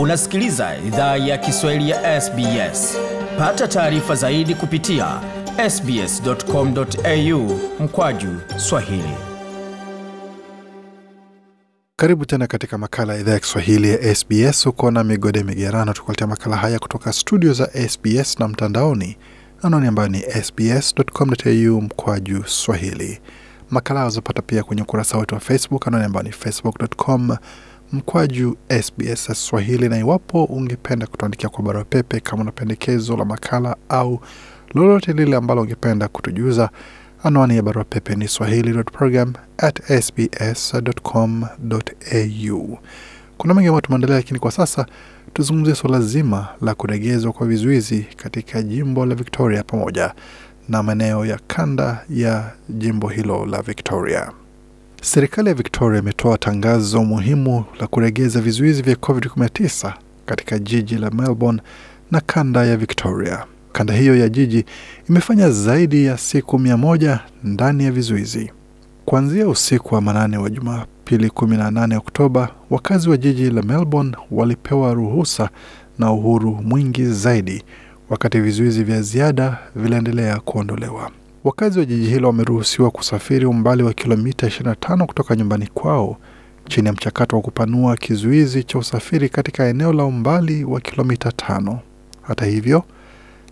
Unasikiliza idhaa ya Kiswahili ya SBS. Pata taarifa zaidi kupitia sbs.com.au mkwaju swahili. Karibu tena katika makala ya idhaa ya Kiswahili ya SBS. huko na Migode Migerano tukuletea makala haya kutoka studio za SBS na mtandaoni, anaoni ambayo ni sbs.com.au mkwaju swahili. Makala wazopata pia kwenye ukurasa wetu wa Facebook, anaoni ambayo ni facebook.com mkwaju SBS Swahili, na iwapo ungependa kutuandikia kwa barua pepe, kama na pendekezo la makala au lolote lile ambalo ungependa kutujuza, anwani ya barua pepe ni au Kuna mengi ambayo tumeendelea, lakini kwa sasa tuzungumzie suala zima la kuregezwa kwa vizuizi katika jimbo la Victoria pamoja na maeneo ya kanda ya jimbo hilo la Victoria. Serikali ya Victoria imetoa tangazo muhimu la kuregeza vizuizi vya COVID-19 katika jiji la Melbourne na kanda ya Victoria. Kanda hiyo ya jiji imefanya zaidi ya siku mia moja ndani ya vizuizi kuanzia usiku wa manane wa Jumapili 18 Oktoba. Wakazi wa jiji la Melbourne walipewa ruhusa na uhuru mwingi zaidi, wakati vizuizi vya ziada viliendelea kuondolewa. Wakazi wa jiji hilo wameruhusiwa kusafiri umbali wa kilomita 25 kutoka nyumbani kwao chini ya mchakato wa kupanua kizuizi cha usafiri katika eneo la umbali wa kilomita tano. Hata hivyo,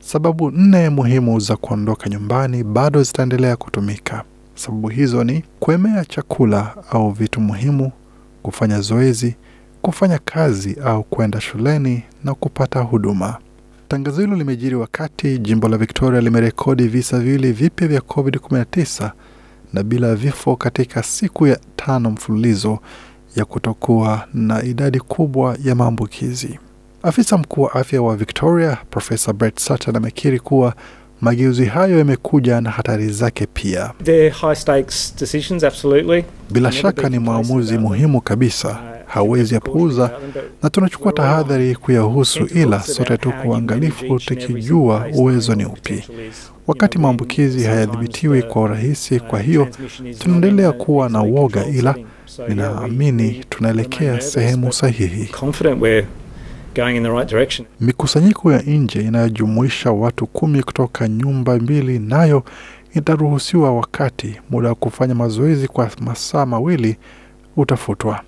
sababu nne muhimu za kuondoka nyumbani bado zitaendelea kutumika. Sababu hizo ni kuemea chakula au vitu muhimu, kufanya zoezi, kufanya kazi au kwenda shuleni na kupata huduma. Tangazo hilo limejiri wakati jimbo la Victoria limerekodi visa viwili vipya vya COVID-19 na bila vifo katika siku ya tano mfululizo ya kutokuwa na idadi kubwa ya maambukizi. Afisa mkuu wa afya wa Victoria Profesa Brett Sutton amekiri kuwa mageuzi hayo yamekuja na hatari zake pia. high stakes decisions, absolutely. Bila shaka ni maamuzi muhimu kabisa uh, hawezi yapuuza, na tunachukua tahadhari kuyahusu, ila sote tuko uangalifu, tukijua uwezo ni upi wakati maambukizi hayadhibitiwi kwa urahisi. Kwa hiyo tunaendelea kuwa na uoga, ila ninaamini tunaelekea sehemu sahihi. Mikusanyiko ya nje inayojumuisha watu kumi kutoka nyumba mbili nayo itaruhusiwa wakati muda wa kufanya mazoezi kwa masaa mawili utafutwa.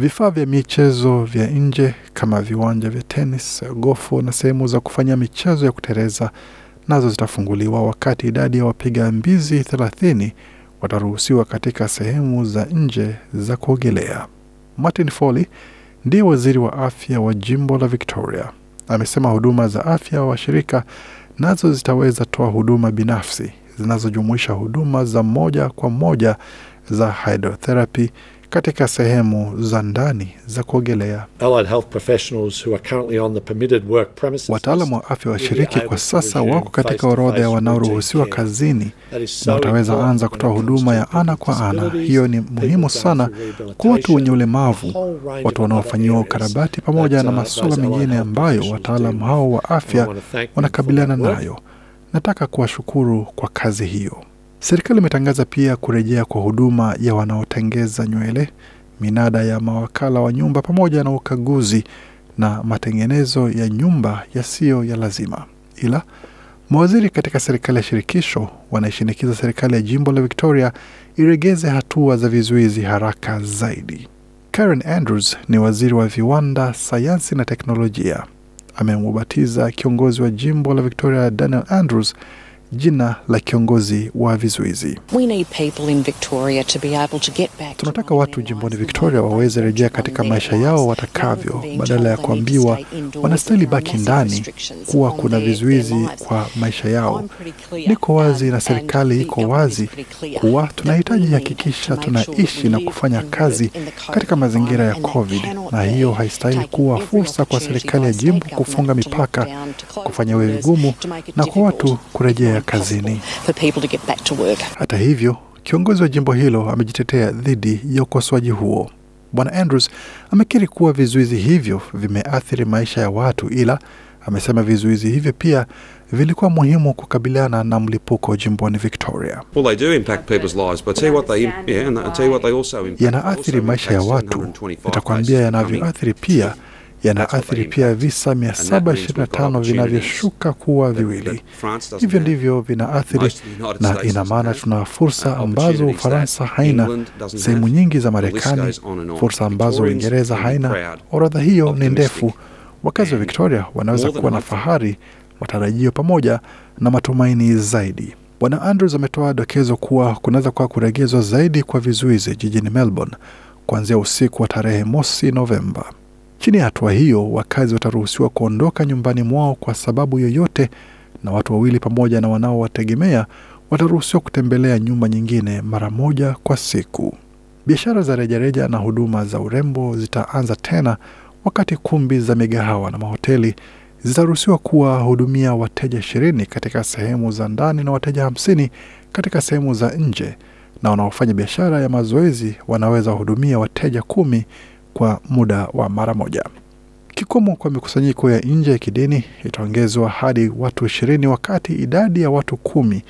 Vifaa vya michezo vya nje kama viwanja vya tenis, gofu na sehemu za kufanya michezo ya kuteleza nazo zitafunguliwa wakati idadi ya wapiga mbizi 30 wataruhusiwa katika sehemu za nje za kuogelea. Martin Foley ndiye waziri wa afya wa jimbo la Victoria. Amesema huduma za afya wa shirika nazo zitaweza toa huduma binafsi zinazojumuisha huduma za moja kwa moja za hydrotherapy katika sehemu za ndani za kuogelea. Wataalamu wa afya washiriki kwa sasa wako katika orodha ya wanaoruhusiwa kazini, na wataweza anza kutoa huduma ya ana kwa ana. Hiyo ni muhimu sana kwa watu wenye ulemavu, watu wanaofanyiwa ukarabati, pamoja na uh, masuala mengine ambayo wataalamu hao wa afya wanakabiliana nayo. Nataka kuwashukuru kwa kazi hiyo. Serikali imetangaza pia kurejea kwa huduma ya wanaotengeza nywele, minada ya mawakala wa nyumba, pamoja na ukaguzi na matengenezo ya nyumba yasiyo ya lazima. Ila mawaziri katika serikali ya shirikisho wanaishinikiza serikali ya jimbo la Victoria iregeze hatua za vizuizi haraka zaidi. Karen Andrews ni waziri wa viwanda, sayansi na teknolojia. Amemubatiza kiongozi wa jimbo la Victoria Daniel Andrews jina la kiongozi wa vizuizi. Tunataka watu jimboni Victoria waweze rejea katika maisha yao watakavyo, badala ya kuambiwa wanastahili baki ndani, kuwa kuna vizuizi kwa maisha yao. Niko wazi na serikali iko wazi kuwa tunahitaji hakikisha tunaishi na kufanya kazi katika mazingira ya COVID, na hiyo haistahili kuwa fursa kwa serikali ya jimbo kufunga mipaka, kufanya iwe vigumu na kwa watu kurejea kurejea kazini. Hata hivyo, kiongozi wa jimbo hilo amejitetea dhidi ya ukosoaji huo. Bwana Andrews amekiri kuwa vizuizi hivyo vimeathiri maisha ya watu, ila amesema vizuizi hivyo pia vilikuwa muhimu kukabiliana na mlipuko jimboni Victoria. Yanaathiri maisha ya watu, nitakuambia yanavyoathiri pia yanaathiri pia visa 725 vinavyoshuka kuwa viwili. Hivyo ndivyo vinaathiri, na ina maana tuna fursa ambazo Ufaransa haina, sehemu nyingi za Marekani fursa ambazo Uingereza haina. Orodha hiyo ni ndefu. Wakazi wa Victoria wanaweza kuwa na fahari, matarajio pamoja na matumaini zaidi. Bwana Andrews ametoa dokezo kuwa kunaweza kuwa kuregezwa zaidi kwa vizuizi jijini Melbourne kuanzia usiku wa tarehe mosi Novemba. Chini ya hatua hiyo, wakazi wataruhusiwa kuondoka nyumbani mwao kwa sababu yoyote, na watu wawili pamoja na wanaowategemea wataruhusiwa kutembelea nyumba nyingine mara moja kwa siku. Biashara za rejareja na huduma za urembo zitaanza tena, wakati kumbi za migahawa na mahoteli zitaruhusiwa kuwahudumia wateja ishirini katika sehemu za ndani na wateja hamsini katika sehemu za nje, na wanaofanya biashara ya mazoezi wanaweza wahudumia wateja kumi kwa muda wa mara moja. Kikomo kwa mikusanyiko ya nje ya kidini itaongezwa hadi watu ishirini wakati idadi ya watu kumi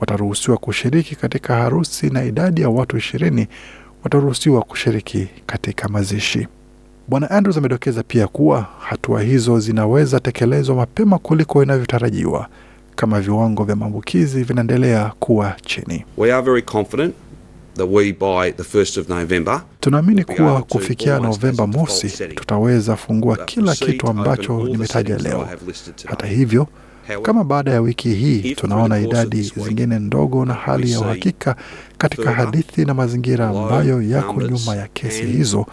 wataruhusiwa kushiriki katika harusi na idadi ya watu ishirini wataruhusiwa kushiriki katika mazishi. Bwana Andrews amedokeza pia kuwa hatua hizo zinaweza tekelezwa mapema kuliko inavyotarajiwa kama viwango vya maambukizi vinaendelea kuwa chini. We are very confident Tunaamini kuwa kufikia Novemba mosi tutaweza fungua kila kitu ambacho nimetaja leo. Hata hivyo, kama baada ya wiki hii tunaona idadi zingine ndogo na hali ya uhakika katika hadithi na mazingira ambayo yako nyuma ya kesi hizo,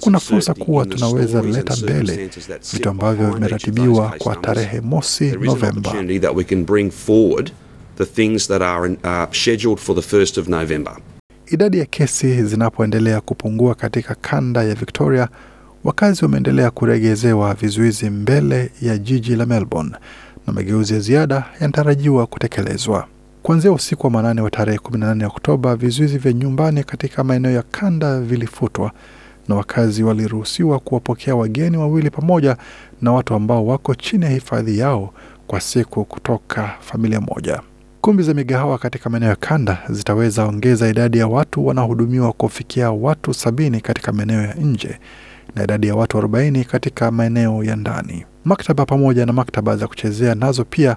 kuna fursa kuwa tunaweza leta mbele vitu ambavyo vimeratibiwa kwa tarehe mosi Novemba. The things that are, uh, scheduled for the 1st of November. Idadi ya kesi zinapoendelea kupungua katika kanda ya Victoria, wakazi wameendelea kuregezewa vizuizi mbele ya jiji la Melbourne na mageuzi ya ziada yanatarajiwa kutekelezwa kuanzia usiku wa manane wa tarehe 18 Oktoba. Vizuizi vya nyumbani katika maeneo ya kanda vilifutwa na wakazi waliruhusiwa kuwapokea wageni wawili pamoja na watu ambao wako chini ya hifadhi yao kwa siku kutoka familia moja. Kumbi za migahawa katika maeneo ya kanda zitaweza ongeza idadi ya watu wanaohudumiwa kufikia watu sabini katika maeneo ya nje na idadi ya watu 40 katika maeneo ya ndani. Maktaba pamoja na maktaba za kuchezea nazo pia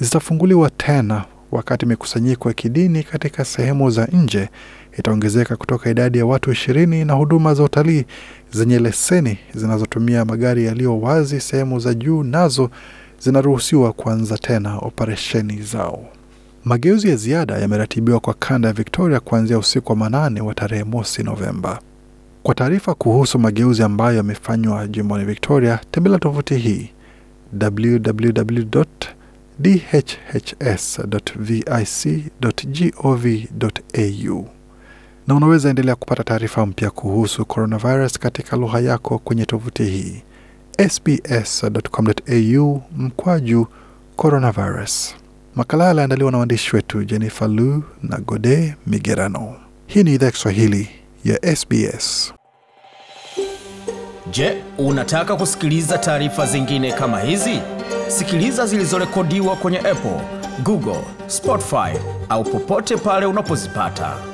zitafunguliwa tena, wakati mikusanyiko ya kidini katika sehemu za nje itaongezeka kutoka idadi ya watu ishirini na huduma za utalii zenye leseni zinazotumia magari yaliyo wazi sehemu za juu nazo zinaruhusiwa kuanza tena operesheni zao. Mageuzi ya ziada yameratibiwa kwa kanda ya Victoria kuanzia usiku wa manane wa tarehe mosi Novemba. Kwa taarifa kuhusu mageuzi ambayo yamefanywa jimboni Victoria, tembelea tovuti hii www.dhhs.vic.gov.au, na unaweza endelea kupata taarifa mpya kuhusu coronavirus katika lugha yako kwenye tovuti hii sbs.com.au mkwaju coronavirus. Makala yaliandaliwa na waandishi wetu Jennifer Lu na Gode Migerano. Hii ni idhaa ya Kiswahili ya SBS. Je, unataka kusikiliza taarifa zingine kama hizi? Sikiliza zilizorekodiwa kwenye Apple, Google, Spotify au popote pale unapozipata.